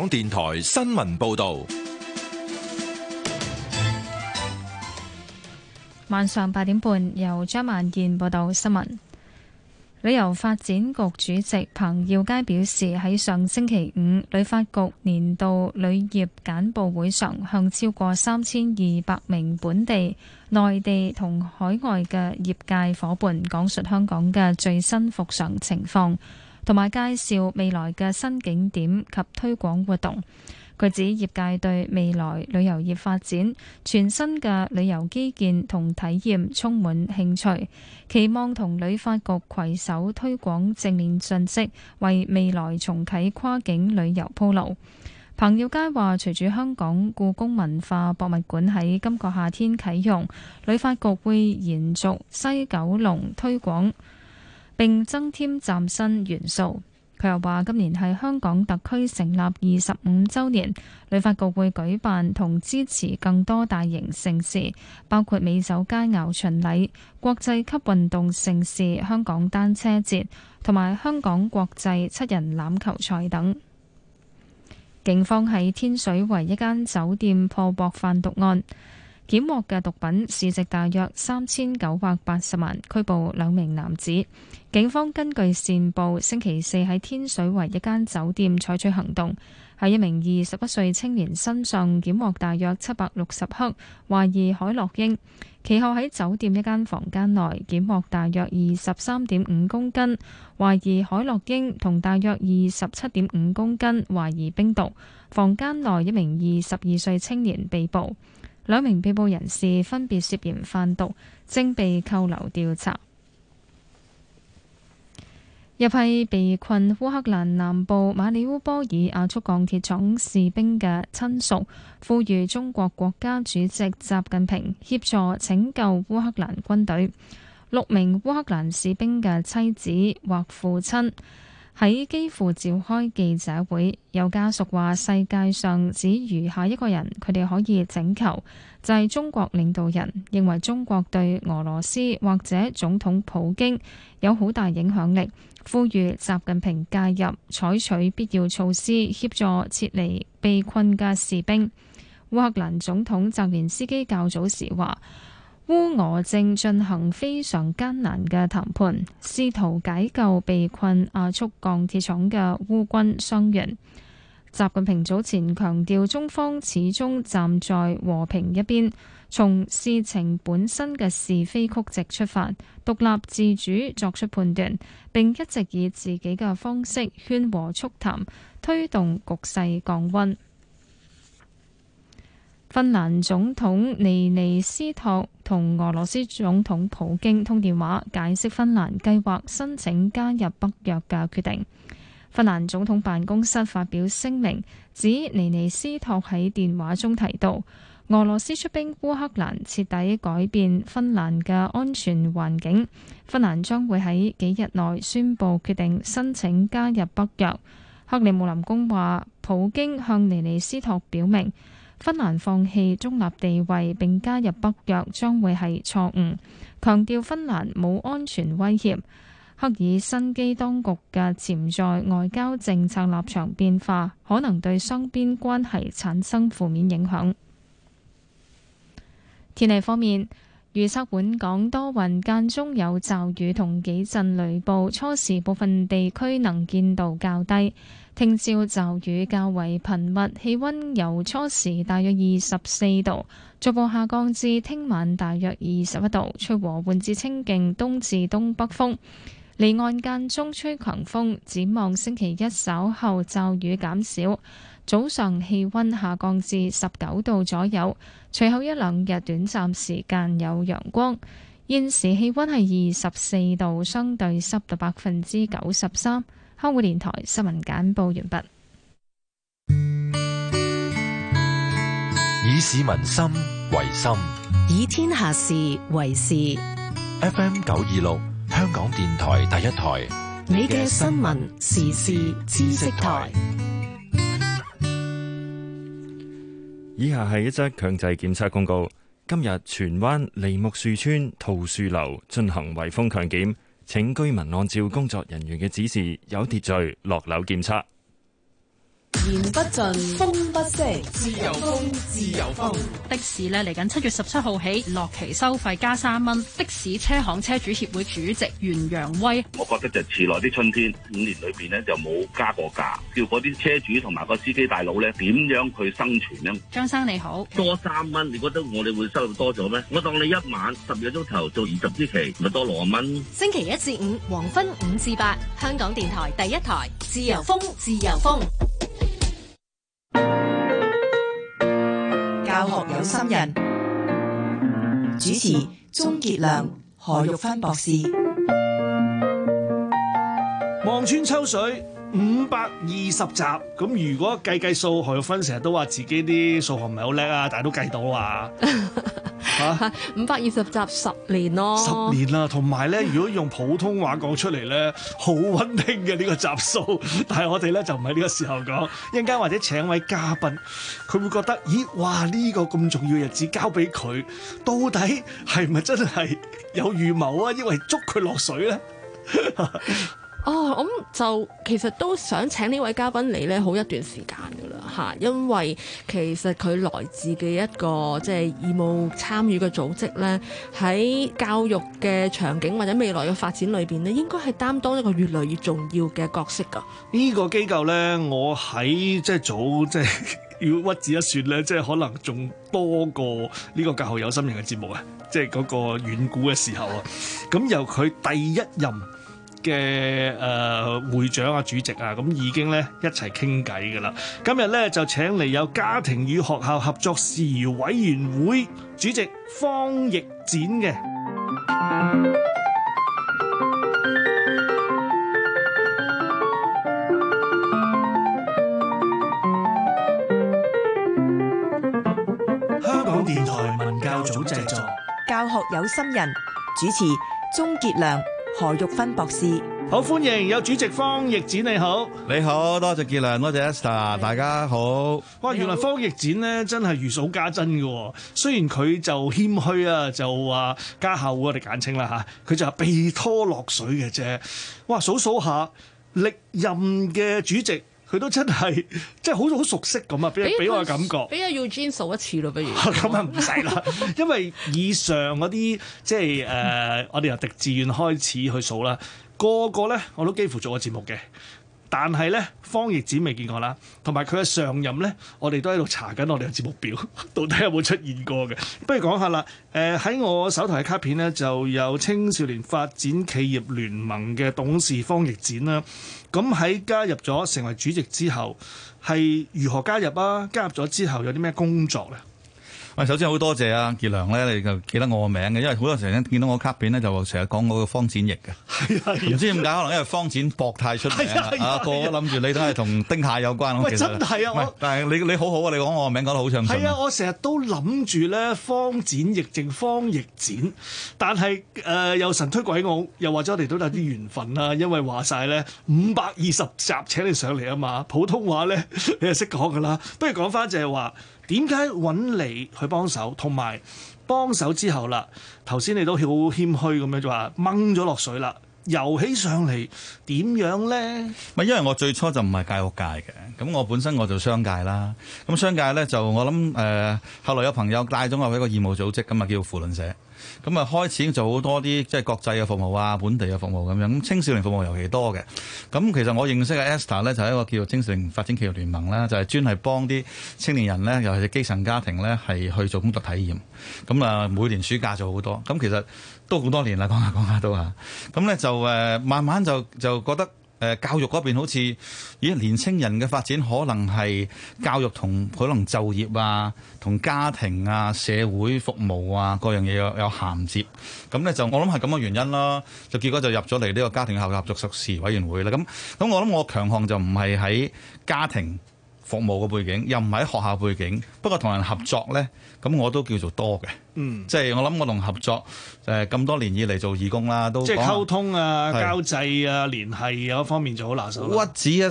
港電台新聞報道，晚上八點半由張萬健報道新聞。旅遊發展局主席彭耀佳表示，喺上星期五旅發局年度旅業簡報會上，向超過三千二百名本地、內地同海外嘅業界夥伴講述香港嘅最新復常情況。同埋介紹未來嘅新景點及推廣活動。佢指業界對未來旅遊業發展、全新嘅旅遊基建同體驗充滿興趣，期望同旅發局攜手推廣正面訊息，為未來重啟跨境旅遊鋪路。彭耀佳話：隨住香港故宮文化博物館喺今個夏天啟用，旅發局會延續西九龍推廣。並增添嶄新元素。佢又話：今年係香港特區成立二十五週年，旅發局會舉辦同支持更多大型盛事，包括美酒佳肴巡禮、國際級運動盛事、香港單車節同埋香港國際七人欖球賽等。警方喺天水圍一間酒店破獲販毒案。檢獲嘅毒品市值大約三千九百八十萬，拘捕兩名男子。警方根據線報，星期四喺天水圍一間酒店採取行動，喺一名二十一歲青年身上檢獲大約七百六十克懷疑海洛英。其後喺酒店一間房間內檢獲大約二十三點五公斤懷疑海洛英同大約二十七點五公斤懷疑冰毒。房間內一名二十二歲青年被捕。兩名被捕人士分別涉嫌販毒，正被扣留調查。一批被困烏克蘭南部馬里烏波爾亞速鋼鐵廠士兵嘅親屬，呼籲中國國家主席習近平協助拯救烏克蘭軍隊。六名烏克蘭士兵嘅妻子或父親。喺幾乎召開記者會，有家屬話世界上只餘下一個人，佢哋可以拯救，就係中國領導人。認為中國對俄羅斯或者總統普京有好大影響力，呼籲習近平介入，採取必要措施協助撤離被困嘅士兵。烏克蘭總統澤連斯基較早時話。烏俄正進行非常艱難嘅談判，試圖解救被困亞速鋼鐵廠嘅烏軍傷員。習近平早前強調，中方始終站在和平一邊，從事情本身嘅是非曲直出發，獨立自主作出判斷，並一直以自己嘅方式勸和促談，推動局勢降温。芬蘭總統尼尼斯托同俄羅斯總統普京通電話，解釋芬蘭計劃申請加入北約嘅決定。芬蘭總統辦公室發表聲明，指尼尼斯托喺電話中提到，俄羅斯出兵烏克蘭徹底改變芬蘭嘅安全環境，芬蘭將會喺幾日內宣布決定申請加入北約。克里姆林宮話，普京向尼尼斯托表明。芬蘭放棄中立地位並加入北約將會係錯誤，強調芬蘭冇安全威脅。克爾辛基當局嘅潛在外交政策立場變化，可能對雙邊關係產生負面影響。天氣方面，預測本港多雲，間中有驟雨同幾陣雷暴，初時部分地區能見度較低。聽朝驟雨較為頻密，氣溫由初時大約二十四度，逐步下降至聽晚大約二十一度，吹和緩至清勁東至東北風，離岸間中吹強風，展望星期一稍後驟雨減少，早上氣溫下降至十九度左右，隨後一兩日短暫時間有陽光，現時氣溫係二十四度，相對濕度百分之九十三。香港電台新聞簡報完畢。以市民心為心，以天下事為事。FM 九二六，香港電台第一台，你嘅新聞時事知識台。以下係一則強制檢測公告。今日荃灣梨木樹村桃樹樓進行圍封強檢。請居民按照工作人員嘅指示，有秩序落樓檢測。言不盡，風不息，自由，自由風，自由風。的士咧嚟緊七月十七號起落期收費加三蚊。的士車行車主協會主席袁揚威，我覺得就遲來啲春天五年裏邊咧就冇加過價，叫嗰啲車主同埋個司機大佬咧點樣去生存啊？張生你好，多三蚊，你覺得我哋會收入多咗咩？我當你一晚十二個鐘頭做二十支旗咪多羅蚊。星期一至五黃昏五至八，香港電台第一台，自由風，自由風。有心人，主持鍾傑良、何玉芬博士，望穿秋水，五百二十集咁，如果計計數，何玉芬成日都話自己啲數學唔係好叻啊，但係都計到啊。 啊、五百二十集十年咯，十年啦，同埋咧，如果用普通話講出嚟咧，好穩定嘅呢個集數，但係我哋咧就唔喺呢個時候講，一陣間或者請位嘉賓，佢會覺得，咦，哇，呢個咁重要嘅日子交俾佢，到底係咪真係有預謀啊？因為捉佢落水咧。 哦，咁、嗯、就其實都想請呢位嘉賓嚟咧，好一段時間噶啦嚇，因為其實佢來自嘅一個即係、就是、義務參與嘅組織咧，喺教育嘅場景或者未來嘅發展裏邊咧，應該係擔當一個越嚟越重要嘅角色噶。呢個機構咧，我喺即係早即係要屈指一算咧，即係可能仲多過呢個《教學有心人》嘅節目啊，即係嗰個遠古嘅時候啊，咁 由佢第一任。嘅誒會長啊、主席啊，咁已經咧一齊傾偈嘅啦。今日咧就請嚟有家庭與學校合作事宜委員會主席方奕展嘅。香港電台文教組製作，教學有心人，主持，鍾傑良。何玉芬博士，好歡迎有主席方奕展，你好，你好多謝傑良，多謝 Esther，大家好。哇好，原來方奕展呢真係如數家珍噶雖然佢就謙虛啊，就話家校我哋簡稱啦吓，佢就係被拖落水嘅啫。哇，數數下歷任嘅主席。佢都真係即係好似好熟悉咁啊！俾俾我嘅感覺，俾阿 U 君數一次咯，如不如。咁啊唔使啦，因為以上嗰啲即係誒、呃，我哋由狄志遠開始去數啦。個個咧，我都幾乎做過節目嘅，但係咧，方奕展未見過啦。同埋佢嘅上任咧，我哋都喺度查緊我哋嘅節目表，到底有冇出現過嘅。不如講下啦。誒、呃，喺我手頭嘅卡片咧，就有青少年發展企業聯盟嘅董事方奕展啦。咁喺加入咗成為主席之後，係如何加入啊？加入咗之後有啲咩工作咧？喂，首先好多謝啊傑良咧，你就記得我個名嘅，因為好多時咧見到我卡片咧就成日講我個方展翼嘅，唔、啊啊、知點解可能因為方展博太出名，個個諗住你都係同丁蟹有關喂，實真係啊！是我 但係你你好好啊，你講我個名講得好詳盡。係啊，我成日都諗住咧方展翼正方翼展，但係誒、呃、又神推鬼我，又或者我哋都有啲緣分啦。因為話晒咧五百二十集請你上嚟啊嘛，普通話咧 你係識講㗎啦，不如講翻就係話。點解揾你去幫手，同埋幫手之後啦？頭先你都好謙虛咁樣就話掹咗落水啦，游起上嚟點樣咧？唔係因為我最初就唔係教育界嘅，咁我本身我就商界啦。咁商界咧就我諗誒、呃，後來有朋友帶咗我去一個義務組織，咁啊叫扶輪社。咁啊，開始做好多啲，即係國際嘅服務啊，本地嘅服務咁樣。咁青少年服務尤其多嘅。咁其實我認識嘅 Esther 咧，就係一個叫做青少年發展企業聯盟啦，就係、是、專係幫啲青年人咧，尤其是基層家庭咧，係去做工作體驗。咁啊，每年暑假做好多。咁其實都好多年啦，講下講下都嚇。咁咧就誒，慢慢就就覺得。誒教育嗰邊好似，咦年青人嘅發展可能係教育同可能就業啊，同家庭啊、社會服務啊各樣嘢有有銜接，咁咧就我諗係咁嘅原因啦，就結果就入咗嚟呢個家庭與學校合作事宜委員會啦。咁咁我諗我強項就唔係喺家庭。服務嘅背景又唔係喺學校背景，不過同人合作呢，咁我都叫做多嘅，嗯，即係我諗我同合作咁、就是、多年以嚟做義工啦，都即係溝通啊、是交際啊、聯繫、啊、有一方面就好拿手。屈指一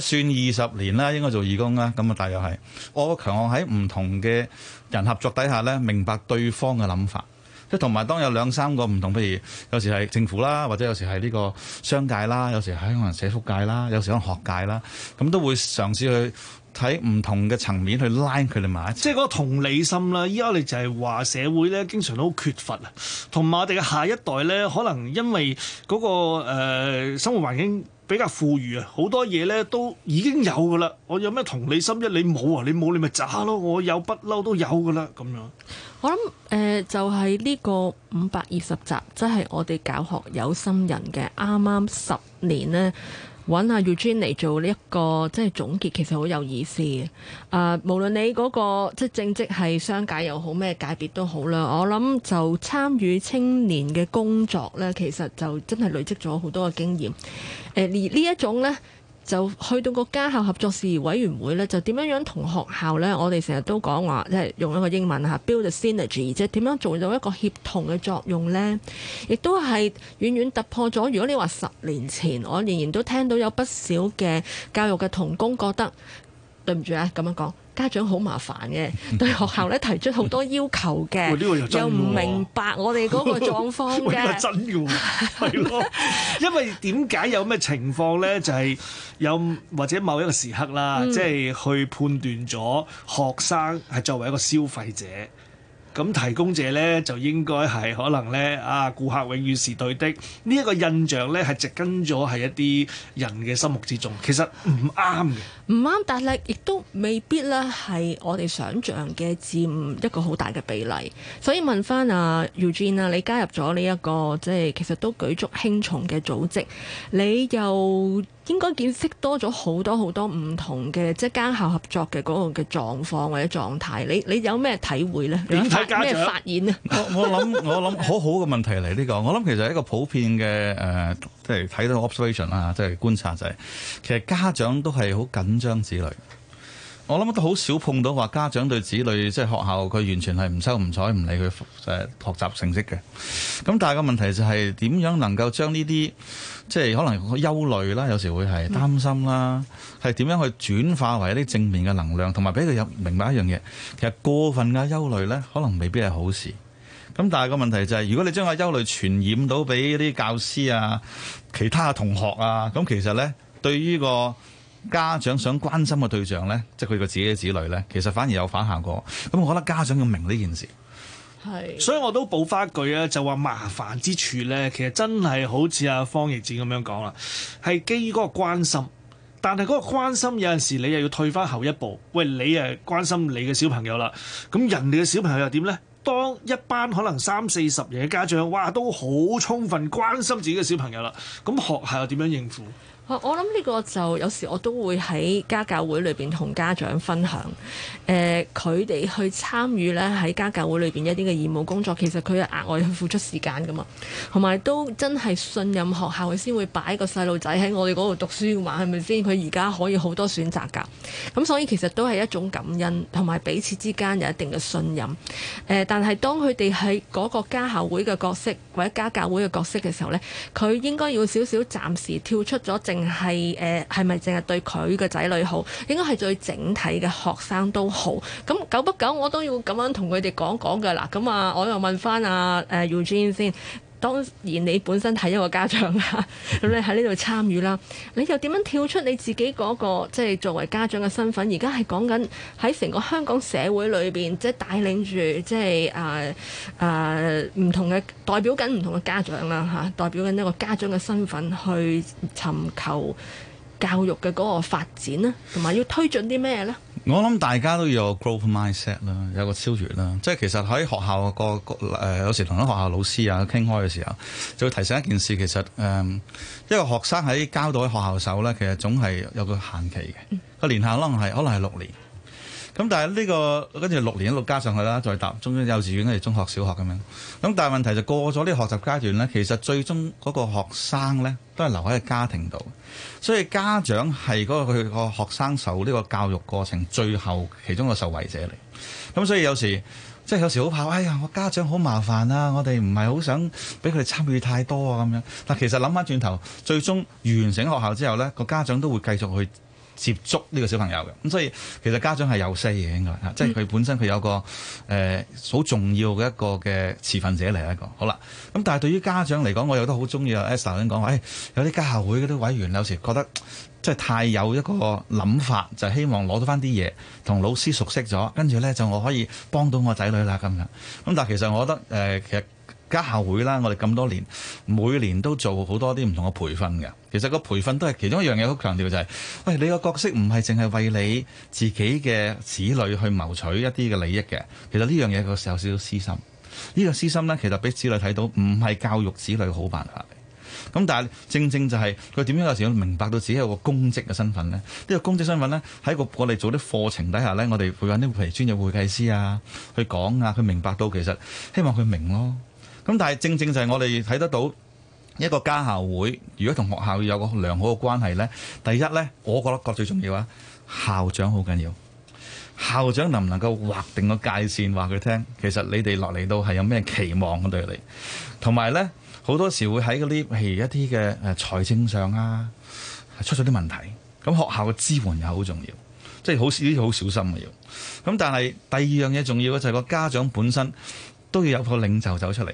算二十年啦，應該做義工啦，咁啊，大約係我強項喺唔同嘅人合作底下呢，明白對方嘅諗法，即係同埋當有兩三個唔同，譬如有時係政府啦，或者有時係呢個商界啦，有時係可能社福界啦，有時可能學界啦，咁都會嘗試去。睇唔同嘅層面去拉佢哋買，即係嗰個同理心啦。依家你就係話社會咧，經常都好缺乏啊。同埋我哋嘅下一代咧，可能因為嗰個誒生活環境比較富裕啊，好多嘢咧都已經有噶啦。我有咩同理心一，你冇啊，你冇你咪渣咯。我有不嬲都有噶啦咁樣。我諗誒就係呢個五百二十集，即係我哋教學有心人嘅啱啱十年咧，揾阿 Eugene 嚟做呢一個即係總結，其實好有意思嘅。誒、uh，無論你嗰、那個即係正職係商界又好，咩界別都好啦。我諗就參與青年嘅工作呢，其實就真係累積咗好多嘅經驗。誒，呢一種呢。就去到個家校合作事宜委員會咧，就點樣樣同學校咧，我哋成日都講話，即係用一個英文嚇，build a synergy，即係點樣做到一個協同嘅作用咧，亦都係遠遠突破咗。如果你話十年前，我仍然都聽到有不少嘅教育嘅同工覺得，對唔住啊，咁樣講。家長好麻煩嘅，對學校咧提出好多要求嘅， 這個、又唔明白我哋嗰個狀況嘅。 這個、真㗎， 因為點解有咩情況咧？就係、是、有或者某一個時刻啦，即、就、係、是、去判斷咗學生係作為一個消費者。咁提供者咧，就應該係可能咧，啊，顧客永遠是對的，呢一個印象咧係植根咗係一啲人嘅心目之中，其實唔啱嘅，唔啱，但係亦都未必咧係我哋想象嘅佔一個好大嘅比例。所以問翻啊 u g 啊，Eugene，你加入咗呢一個即係其實都舉足輕重嘅組織，你又？應該見識多咗好多好多唔同嘅即係家校合作嘅嗰個嘅狀況或者狀態，你你有咩體會咧？你有咩發,發現咧？ 我我諗我諗好好嘅問題嚟呢個，我諗其實係一個普遍嘅誒，即係睇到 observation 啦，即係觀察就係其實家長都係好緊張子女。我諗都好少碰到話家長對子女即係學校，佢完全係唔收唔睬唔理佢誒學習成績嘅。咁但係個問題就係點樣能夠將呢啲即係可能憂慮啦，有時會係擔心啦，係點、嗯、樣去轉化為一啲正面嘅能量，同埋俾佢有明白一樣嘢。其實過分嘅憂慮呢，可能未必係好事。咁但係個問題就係、是，如果你將個憂慮傳染到俾啲教師啊、其他同學啊，咁其實呢，對於個家長想關心嘅對象呢，嗯、即係佢個自己嘅子女呢，其實反而有反效果。咁我覺得家長要明呢件事，係是，所以我都補翻句啊，就話麻煩之處呢，其實真係好似阿方奕展咁樣講啦，係基於嗰個關心，但係嗰個關心有陣時你又要退翻後一步，喂，你誒關心你嘅小朋友啦，咁人哋嘅小朋友又點呢？當一班可能三四十人嘅家長，哇，都好充分關心自己嘅小朋友啦，咁學校又點樣應付？我我諗呢個就有時我都會喺家教會裏邊同家長分享，誒佢哋去參與咧喺家教會裏邊一啲嘅義務工作，其實佢係額外去付出時間噶嘛，同埋都真係信任學校佢先會擺個細路仔喺我哋嗰度讀書嘅嘛，係咪先？佢而家可以好多選擇㗎，咁所以其實都係一種感恩同埋彼此之間有一定嘅信任。誒、呃，但係當佢哋喺嗰個家校會嘅角色或者家教會嘅角色嘅時候呢，佢應該要少少暫時跳出咗正。係誒係咪淨係對佢個仔女好？應該係對整體嘅學生都好。咁久不久我都要咁樣同佢哋講講嘅啦。咁啊，我又問翻阿誒 Eugene 先。當然，你本身係一個家長啦，咁 你喺呢度參與啦，你又點樣跳出你自己嗰、那個即係、就是、作為家長嘅身份？而家係講緊喺成個香港社會裏邊，即係帶領住即係誒誒唔同嘅代表緊唔同嘅家長啦嚇，代表緊、啊、一個家長嘅身份去尋求教育嘅嗰個發展啦，同埋要推進啲咩呢？我諗大家都有 growth mindset 啦，有個超越啦。即係其實喺學校個誒有時同啲學校老師啊傾開嘅時候，就會提醒一件事。其實誒、嗯、一個學生喺交到喺學校手咧，其實總係有個限期嘅個年限，可能係可能係六年。咁但係、這、呢個跟住六年一路加上去啦，再搭中中幼稚園跟住中學、小學咁樣。咁但係問題就是、過咗呢學習階段呢，其實最終嗰個學生呢都係留喺個家庭度，所以家長係嗰、那個佢個學生受呢個教育過程最後其中一個受惠者嚟。咁所以有時即係有時好怕，哎呀，我家長好麻煩啊，我哋唔係好想俾佢哋參與太多啊咁樣。但其實諗翻轉頭，最終完成學校之後呢，個家長都會繼續去接觸呢個小朋友嘅，咁所以其實家長係有些嘅應該嚇，嗯、即係佢本身佢有個誒好、呃、重要嘅一個嘅持份者嚟一個，好啦。咁但係對於家長嚟講，我有得好中意阿 Esther 咁講話，有啲家校會嗰啲委員有時覺得即係太有一個諗法，就是、希望攞到返啲嘢同老師熟悉咗，跟住咧就我可以幫到我仔女啦咁樣。咁但係其實我覺得誒、呃、其實。家校會啦，我哋咁多年每年都做好多啲唔同嘅培訓嘅。其實個培訓都係其中一樣嘢，好強調就係、是：喂，你個角色唔係淨係為你自己嘅子女去謀取一啲嘅利益嘅。其實呢樣嘢個時候有少少私心，呢、這個私心呢，其實俾子女睇到，唔係教育子女好辦法。咁但係正正就係佢點樣有時要明白到自己有個公職嘅身份呢？呢、這個公職身份呢，喺個我哋做啲課程底下呢，我哋會揾啲譬如專業會計師啊去講啊，佢明白到其實希望佢明咯。咁但係正正就係我哋睇得到一個家校會，如果同學校有個良好嘅關係呢，第一呢，我覺得覺得最重要啊，校長好緊要。校長能唔能夠劃定個界線，話佢聽，其實你哋落嚟到係有咩期望嘅對你。同埋呢，好多時會喺嗰啲譬如一啲嘅誒財政上啊，出咗啲問題。咁學校嘅支援又好重要，即係好似呢啲好小心嘅嘢。咁但係第二樣嘢重要嘅就係個家長本身都要有個領袖走出嚟。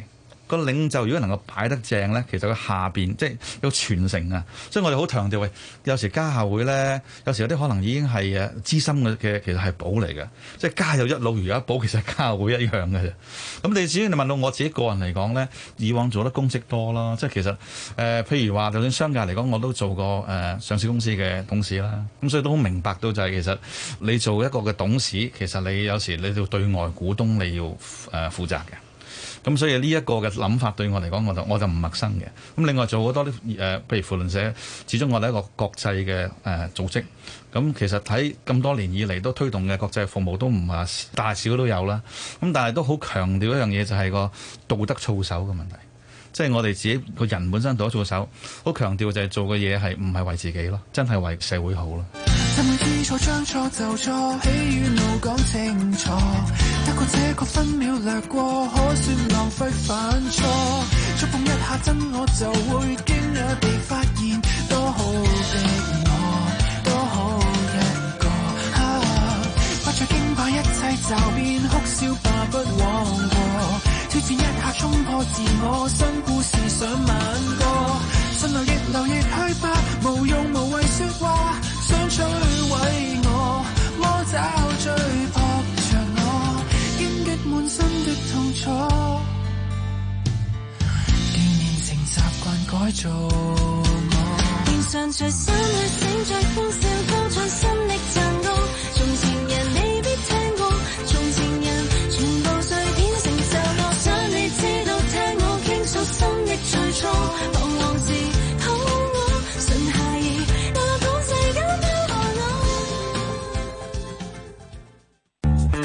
個領袖如果能夠擺得正咧，其實佢下邊即係有傳承啊，所以我哋好強調喂，有時家校會咧，有時有啲可能已經係誒資深嘅嘅，其實係寶嚟嘅，即係家有一老，如有一寶，其實家校會一樣嘅啫。咁你至於你問到我自己個人嚟講咧，以往做得公職多啦，即係其實誒、呃，譬如話就算商界嚟講，我都做過誒、呃、上市公司嘅董事啦，咁所以都好明白到就係、是、其實你做一個嘅董事，其實你有時你要對外股東你要誒、呃、負責嘅。咁、嗯、所以呢一個嘅諗法對我嚟講，我就我就唔陌生嘅。咁、嗯、另外做好多啲誒、呃，譬如扶輪社，始終我哋一個國際嘅誒、呃、組織。咁、嗯、其實喺咁多年以嚟，都推動嘅國際服務都唔話大小都有啦。咁、嗯、但係都好強調一樣嘢，就係個道德操守嘅問題。即係我哋自己個人本身道德操守，好強調就係做嘅嘢係唔係為自己咯，真係為社會好咯。 過這個分秒掠過，可算浪費犯錯。觸碰一下真我，就會驚訝地發現多好的我，多好一個、啊。不再驚怕一切驟變，哭笑吧不枉過。挑戰一下衝破自我，新故事想萬個。順流亦流亦去吧，無用無謂説話，想摧毀我，魔爪最怕。痛楚，鍛鍊成習慣改造我。面上最心裏閃著歡笑，高唱心的讚歌。從前人未必聽過，從前人全部碎片承受。我想你知道，聽我傾訴心的最初。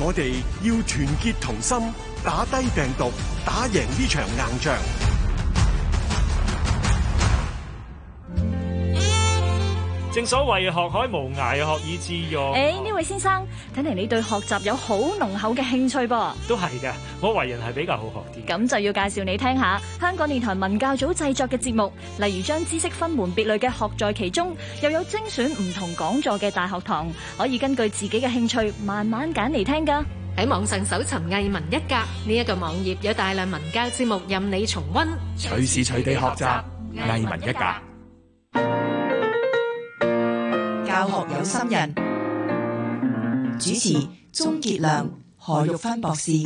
我哋要團結同心，打低病毒，打贏呢場硬仗。正所謂學海無涯，學以致用。誒，呢位先生，睇嚟你對學習有好濃厚嘅興趣噃？都係嘅，我為人係比較好學啲。咁就要介紹你聽下香港電台文教組製作嘅節目，例如將知識分門別類嘅學在其中，又有精選唔同講座嘅大學堂，可以根據自己嘅興趣慢慢揀嚟聽噶。喺網上搜尋藝文一格呢一個網頁，有大量文教節目任你重温，隨時隨地學習藝文一格。教學有心人，主持鍾傑良、何玉芬博士。繼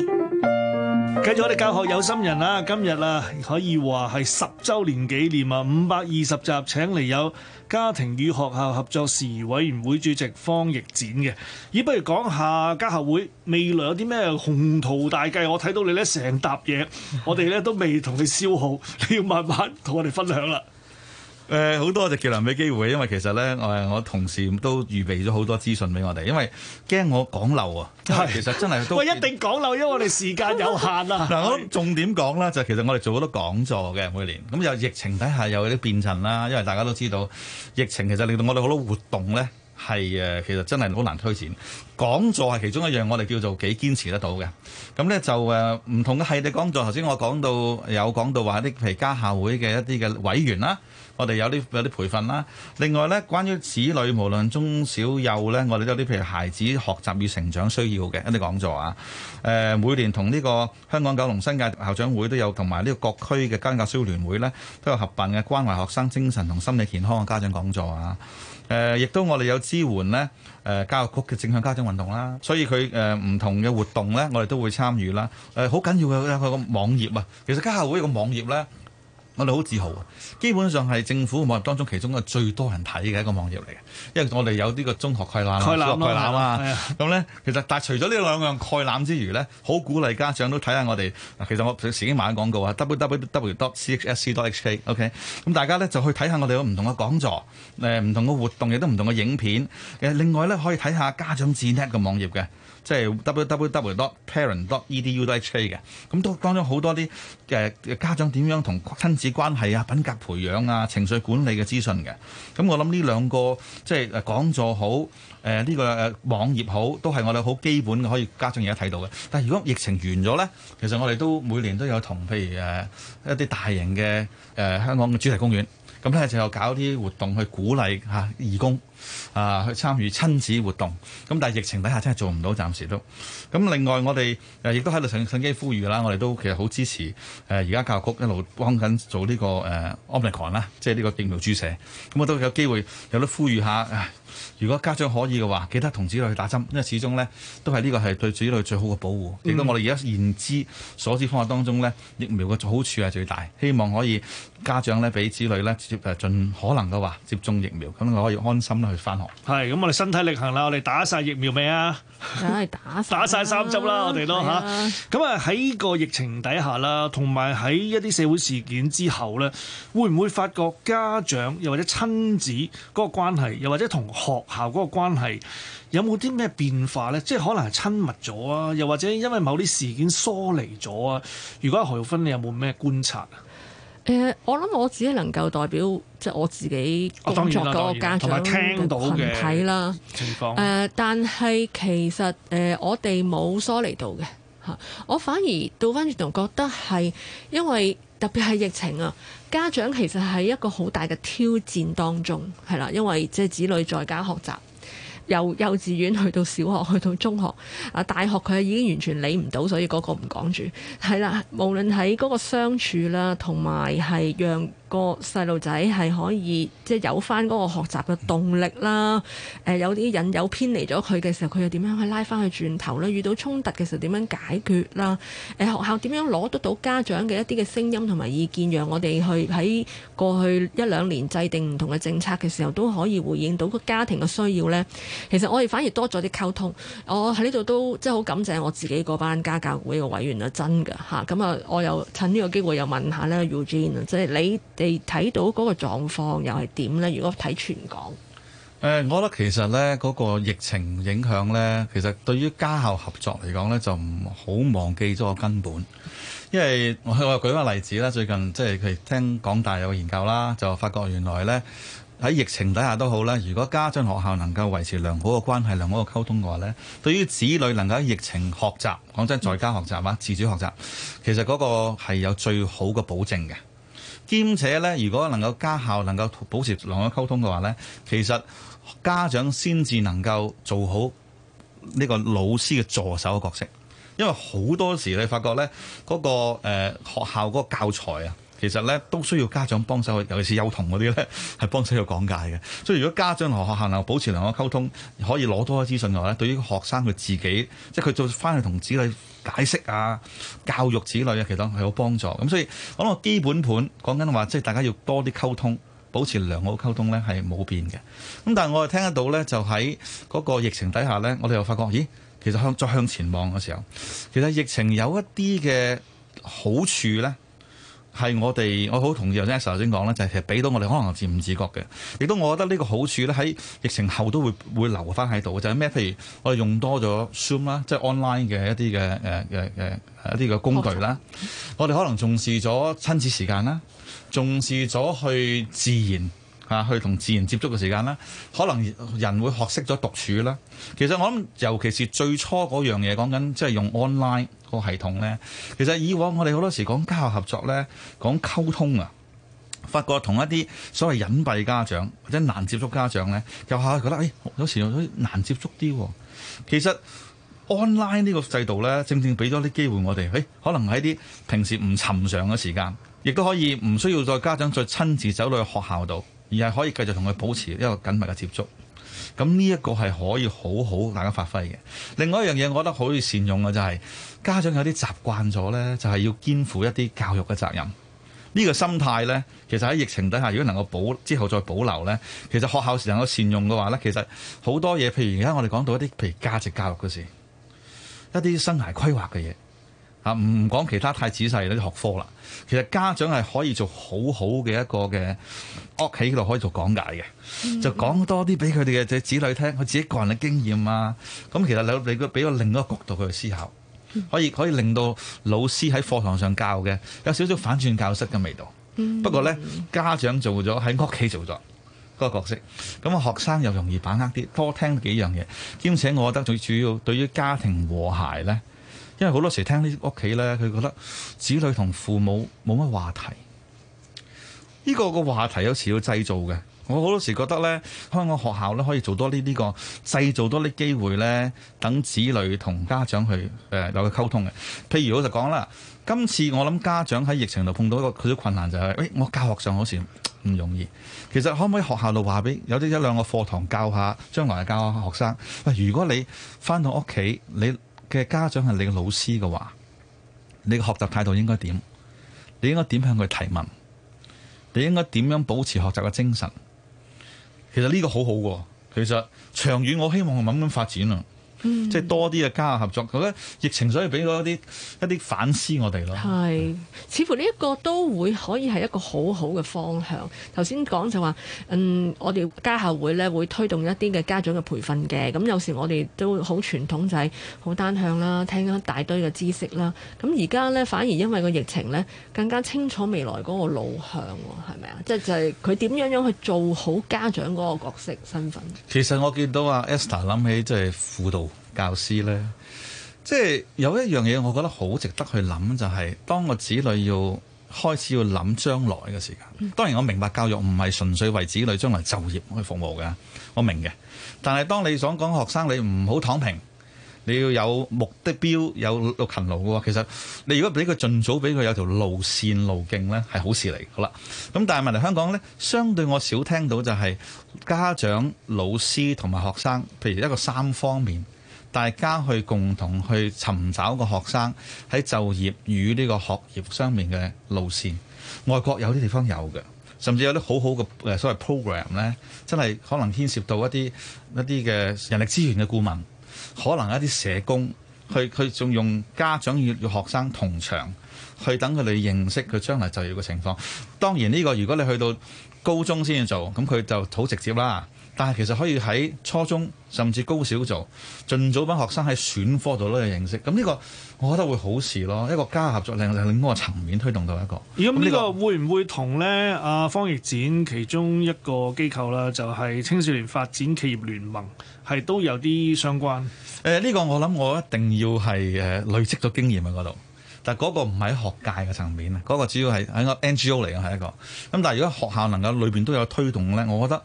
續我哋教學有心人啊。今日啊可以話係十周年紀念啊，五百二十集，請嚟有家庭與學校合作事宜委員會主席方奕展嘅。咦，不如講下家校會未來有啲咩宏圖大計？我睇到你咧成沓嘢，嗯、我哋咧都未同你消耗，你要慢慢同我哋分享啦。誒，好多就叫難俾機會，因為其實咧，我我同事都預備咗好多資訊俾我哋，因為驚我講漏啊。係，其實真係都一定講漏，因為我哋時間有限啊。嗱， 我重點講啦，就是、其實我哋做好多講座嘅每年。咁有疫情底下有啲變陣啦，因為大家都知道疫情其實令到我哋好多活動咧係誒，其實真係好難推展。講座係其中一樣我哋叫做幾堅持得到嘅。咁咧就誒唔、呃、同嘅系列講座，頭先我講到有講到話啲譬如家校會嘅一啲嘅委員啦。我哋有啲有啲培訓啦，另外呢，關於子女無論中小幼呢，我哋都有啲譬如孩子學習與成長需要嘅一啲講座啊，誒、呃，每年同呢個香港九龍新界校長會都有，同埋呢個各區嘅家校協聯會呢，都有合辦嘅關懷學生精神同心理健康嘅家長講座啊，誒、呃，亦都我哋有支援呢誒、呃，教育局嘅正向家長運動啦，所以佢誒唔同嘅活動呢，我哋都會參與啦，誒、呃，好緊要嘅佢個網頁啊，其實家校會個網頁呢。我哋好自豪啊！基本上係政府網站當中其中嘅最多人睇嘅一個網頁嚟嘅，因為我哋有呢個中學概覽、小概覽啊。咁咧、啊嗯，其實但係除咗呢兩樣概覽之餘咧，好鼓勵家長都睇下我哋嗱。其實我時已經買緊廣告啊，www.cxc.hk。Www. K, OK，咁、嗯、大家咧就去睇下我哋有唔同嘅講座、誒、呃、唔同嘅活動，亦都唔同嘅影片。誒，另外咧可以睇下家長節 n 嘅網頁嘅。即係 www.parent.edu.hk 嘅，咁都當中好多啲誒家長點樣同親子關係啊、品格培養啊、情緒管理嘅資訊嘅。咁、嗯、我諗呢兩個即係誒講座好，誒、呃、呢、這個誒、呃、網頁好，都係我哋好基本嘅可以家長而家睇到嘅。但係如果疫情完咗咧，其實我哋都每年都有同譬如誒、呃、一啲大型嘅誒、呃、香港嘅主題公園。咁咧就又搞啲活動去鼓勵嚇義工啊去參與親子活動。咁但係疫情底下真係做唔到，暫時都。咁、啊、另外我哋誒亦都喺度趁趁機呼籲啦，我哋都其實好支持誒而家教育局一路幫緊做呢、呢個誒、啊、Omicron 啦、啊，即係呢個疫苗注射。咁我都有機會有得呼籲下，如果家長可以嘅話，記得同子女去打針，因為始終呢都係呢個係對子女最好嘅保護。亦都、嗯、我哋而家現知所知方法當中呢，疫苗嘅好處係最大，希望可以。家長咧，俾子女咧，直接誒盡可能嘅話接種疫苗，咁我就可以安心去翻學。係咁，我哋身體力行啦， 我哋打晒疫苗未啊？梗係打晒，打曬三針啦，我哋都嚇。咁啊，喺個疫情底下啦，同埋喺一啲社會事件之後咧，會唔會發覺家長又或者親子嗰個關係，又或者同學校嗰個關係，有冇啲咩變化咧？即係可能係親密咗啊，又或者因為某啲事件疏離咗啊？如果何玉芬，你有冇咩觀察？誒，我諗我自己能夠代表即係我自己工作嗰個家長嘅羣體啦，情況誒，但係其實誒，我哋冇疏離到嘅吓，我反而到翻轉頭覺得係因為特別係疫情啊，家長其實係一個好大嘅挑戰當中係啦，因為即係子女在家學習。由幼稚園去到小學，去到中學啊，大學佢已經完全理唔到，所以嗰個唔講住係啦。無論喺嗰個相處啦，同埋係讓。個細路仔係可以即係有翻嗰個學習嘅動力啦，誒、呃、有啲引誘偏離咗佢嘅時候，佢又點樣去拉翻去轉頭咧？遇到衝突嘅時候點樣解決啦？誒、呃、學校點樣攞得到家長嘅一啲嘅聲音同埋意見，讓我哋去喺過去一兩年制定唔同嘅政策嘅時候都可以回應到個家庭嘅需要呢？其實我哋反而多咗啲溝通。我喺呢度都即係好感謝我自己嗰班家教會嘅委員啊，真㗎嚇！咁啊，我又趁呢個機會又問下咧，Eugene，即係你。你睇到嗰個狀況又係點咧？如果睇全港，誒、呃，我覺得其實咧，嗰個疫情影響咧，其實對於家校合作嚟講咧，就唔好忘記咗個根本。因為，我我舉個例子啦，最近即係，佢聽港大有個研究啦，就發覺原來咧喺疫情底下都好啦，如果家長學校能夠維持良好嘅關係，良好嘅溝通嘅話咧，對於子女能夠喺疫情學習，講真，在家學習啊，自主學習，其實嗰個係有最好嘅保證嘅。兼且咧，如果能夠家校能夠保持良好溝通嘅話咧，其實家長先至能夠做好呢個老師嘅助手嘅角色，因為好多時你發覺咧嗰、嗰個誒、呃、學校嗰個教材啊，其實咧都需要家長幫手去，尤其是幼童嗰啲咧係幫手去講解嘅。所以如果家長同學校能夠保持良好溝通，可以攞多啲資訊嘅話咧，對於學生佢自己，即係佢做翻去同子女。解釋啊、教育子女啊，其實係有幫助。咁所以講個基本盤，講緊話即係大家要多啲溝通，保持良好溝通呢係冇變嘅。咁但係我哋聽得到呢，就喺嗰個疫情底下呢，我哋又發覺，咦，其實向再向前望嘅時候，其實疫情有一啲嘅好處呢。係我哋，我好同意頭先講咧，就係其實俾到我哋可能自唔自覺嘅，亦都我覺得呢個好處咧，喺疫情後都會會留翻喺度就係咩？譬如我哋用多咗 Zoom 啦，即係 online 嘅一啲嘅誒誒誒一啲嘅工具啦，好我哋可能重視咗親子時間啦，重視咗去自然。啊，去同自然接觸嘅時間啦，可能人會學識咗獨處啦。其實我諗，尤其是最初嗰樣嘢講緊，即係用 online 個系統呢，其實以往我哋好多時講家校合作呢，講溝通啊，發覺同一啲所謂隱蔽家長或者難接觸家長呢又下覺得誒、欸、有時有啲難接觸啲。其實 online 呢個制度呢，正正俾咗啲機會我哋誒、欸，可能喺啲平時唔尋常嘅時間，亦都可以唔需要再家長再親自走到去學校度。而係可以繼續同佢保持一個緊密嘅接觸，咁呢一個係可以好好大家發揮嘅。另外一樣嘢，我覺得可以善用嘅就係家長有啲習慣咗呢，就係要肩負一啲教育嘅責任。呢個心態呢，其實喺疫情底下，如果能夠保之後再保留呢，其實學校能夠善用嘅話呢，其實好多嘢，譬如而家我哋講到一啲譬如價值教育嘅事，一啲生涯規劃嘅嘢，嚇唔唔講其他太仔細啲學科啦。其實家長係可以做好好嘅一個嘅。屋企嗰度可以做講解嘅，就講多啲俾佢哋嘅仔子女聽，佢自己個人嘅經驗啊，咁其實你你個俾個另一個角度去思考，可以可以令到老師喺課堂上教嘅有少少反轉教室嘅味道。不過咧，家長做咗喺屋企做咗嗰個角色，咁啊學生又容易把握啲，多聽幾樣嘢。兼且我覺得最主要對於家庭和諧咧，因為好多時聽呢屋企咧，佢覺得子女同父母冇乜話題。呢個個話題有時要製造嘅，我好多時覺得呢，香港學校呢可以做多啲呢、呢個製造多啲機會呢，等子女同家長去誒、呃、有個溝通嘅。譬如我就講啦，今次我諗家長喺疫情度碰到一個佢啲困難就係、是，喂、哎，我教學上好似唔容易。其實可唔可以學校度話俾有啲一兩個課堂教下，將來係教學生。喂、哎，如果你翻到屋企，你嘅家長係你嘅老師嘅話，你嘅學習態度應該點？你應該點向佢提問？你應該點樣保持學習嘅精神？其實呢個好好啊喎，其實長遠我希望慢慢發展啊。嗯，即係多啲嘅家校合作，咁咧疫情所以俾咗一啲一啲反思我哋咯。係，嗯，似乎呢一個都會可以係一個好好嘅方向。頭先講就話，嗯，我哋家校會咧會推動一啲嘅家長嘅培訓嘅。咁有時我哋都好傳統就係好單向啦，聽一大堆嘅知識啦。咁而家咧反而因為個疫情咧，更加清楚未來嗰個路向，係咪啊？是是即係就係佢點樣樣去做好家長嗰個角色身份。其實我見到阿 Esther 諗起即係輔導。教師呢，即係有一樣嘢，我覺得好值得去諗，就係、是、當個子女要開始要諗將來嘅時間。當然我明白教育唔係純粹為子女將來就業去服務嘅，我明嘅。但係當你想講學生，你唔好躺平，你要有目的標，有勤勞嘅話，其實你如果俾佢盡早俾佢有條路線路徑呢，係好事嚟。好啦，咁但係問題，香港呢，相對我少聽到就係家長、老師同埋學生，譬如一個三方面。大家去共同去尋找個學生喺就業與呢個學業上面嘅路線，外國有啲地方有嘅，甚至有啲好好嘅誒所謂 program 咧，真係可能牽涉到一啲一啲嘅人力資源嘅顧問，可能一啲社工去佢仲用家長與學生同場去等佢哋認識佢將來就業嘅情況，當然呢個如果你去到高中先至做，咁佢就好直接啦。但係其實可以喺初中甚至高小做，盡早幫學生喺選科度都有認識。咁呢個我覺得會好事咯，一個家校合作令，令令嗰個層面推動到一個。咁呢、嗯這個會唔會同咧？阿方奕展其中一個機構啦，就係、是、青少年發展企業聯盟，係都有啲相關。誒呢、呃這個我諗我一定要係誒累積咗經驗喺嗰度，但係嗰個唔係喺學界嘅層面啊，嗰、那個主要係喺個 N G O 嚟嘅係一個。咁但係如果學校能夠裏邊都有推動咧，我覺得。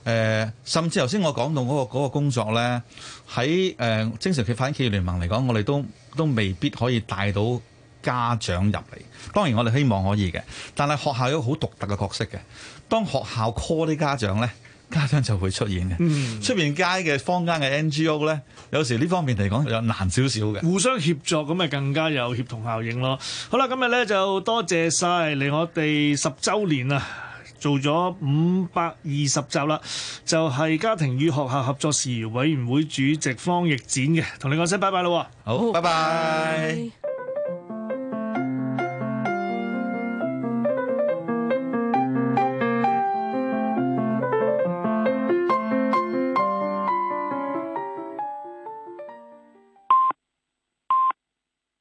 誒、呃，甚至頭先我講到嗰、嗰個那個工作咧，喺誒青少年發展企業聯盟嚟講，我哋都都未必可以帶到家長入嚟。當然我哋希望可以嘅，但係學校有個好獨特嘅角色嘅。當學校 call 啲家長咧，家長就會出現嘅。出、嗯、面街嘅坊間嘅 NGO 咧，有時呢方面嚟講有難少少嘅。互相協助咁咪更加有協同效應咯。好啦，今日咧就多謝晒嚟我哋十週年啊！做咗五百二十集啦，就係、是、家庭與學校合作事宜委員會主席方奕展嘅，同你講聲拜拜咯！好，拜拜。拜拜。